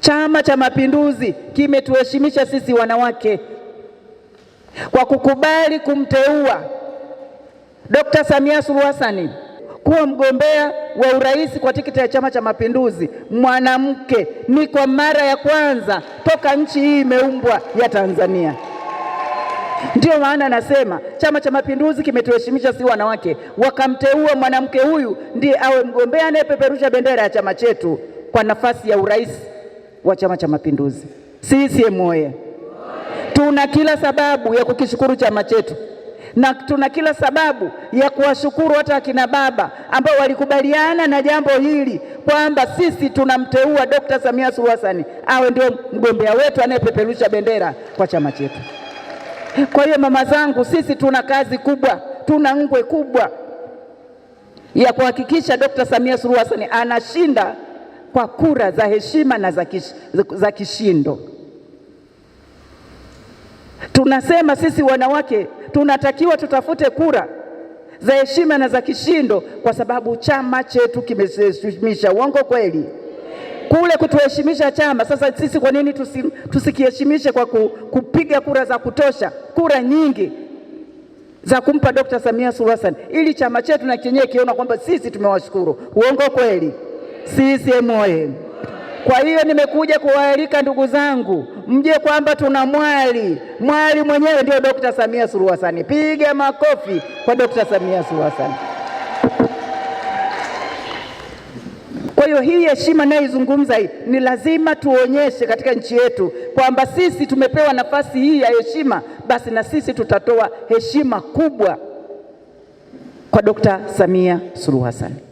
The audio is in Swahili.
Chama cha Mapinduzi kimetuheshimisha sisi wanawake kwa kukubali kumteua Dr. Samia Suluhu Hassan kuwa mgombea wa urais kwa tikiti ya Chama cha Mapinduzi mwanamke. Ni kwa mara ya kwanza toka nchi hii imeumbwa ya Tanzania. Ndiyo maana nasema Chama cha Mapinduzi kimetuheshimisha si wanawake, wakamteua mwanamke huyu ndiye awe mgombea anayepeperusha bendera ya chama chetu kwa nafasi ya urais wa Chama cha Mapinduzi. CCM oye! Tuna kila sababu ya kukishukuru chama chetu na tuna kila sababu ya kuwashukuru hata akina baba ambao walikubaliana na jambo hili kwamba sisi tunamteua Dkt. Samia Suluhu Hassan awe ndio mgombea wetu anayepeperusha bendera kwa chama chetu. Kwa hiyo mama zangu, sisi tuna kazi kubwa, tuna ngwe kubwa ya kuhakikisha Dkt. Samia Suluhu Hassan anashinda kwa kura za heshima na za, kishindo. Tunasema sisi wanawake tunatakiwa tutafute kura za heshima na za kishindo, kwa sababu chama chetu kimeheshimisha. Uongo kweli? Kule kutuheshimisha chama. Sasa sisi kwa nini tusikiheshimishe kwa kupiga kura za kutosha, kura nyingi za kumpa Dkt. Samia Suluhu Hassan ili chama chetu na chenyewe kiona kwamba sisi tumewashukuru. Uongo kweli? CCM oye! Kwa hiyo nimekuja kuwaalika ndugu zangu, mje kwamba tuna mwali, mwali mwenyewe ndio Dokta Samia Suluhu Hassan. Piga makofi kwa Dokta Samia Suluhu Hassan. Kwa hiyo hii heshima nayoizungumza hii ni lazima tuonyeshe katika nchi yetu kwamba sisi tumepewa nafasi hii ya heshima, basi na sisi tutatoa heshima kubwa kwa Dr. Samia Suluhu Hassan.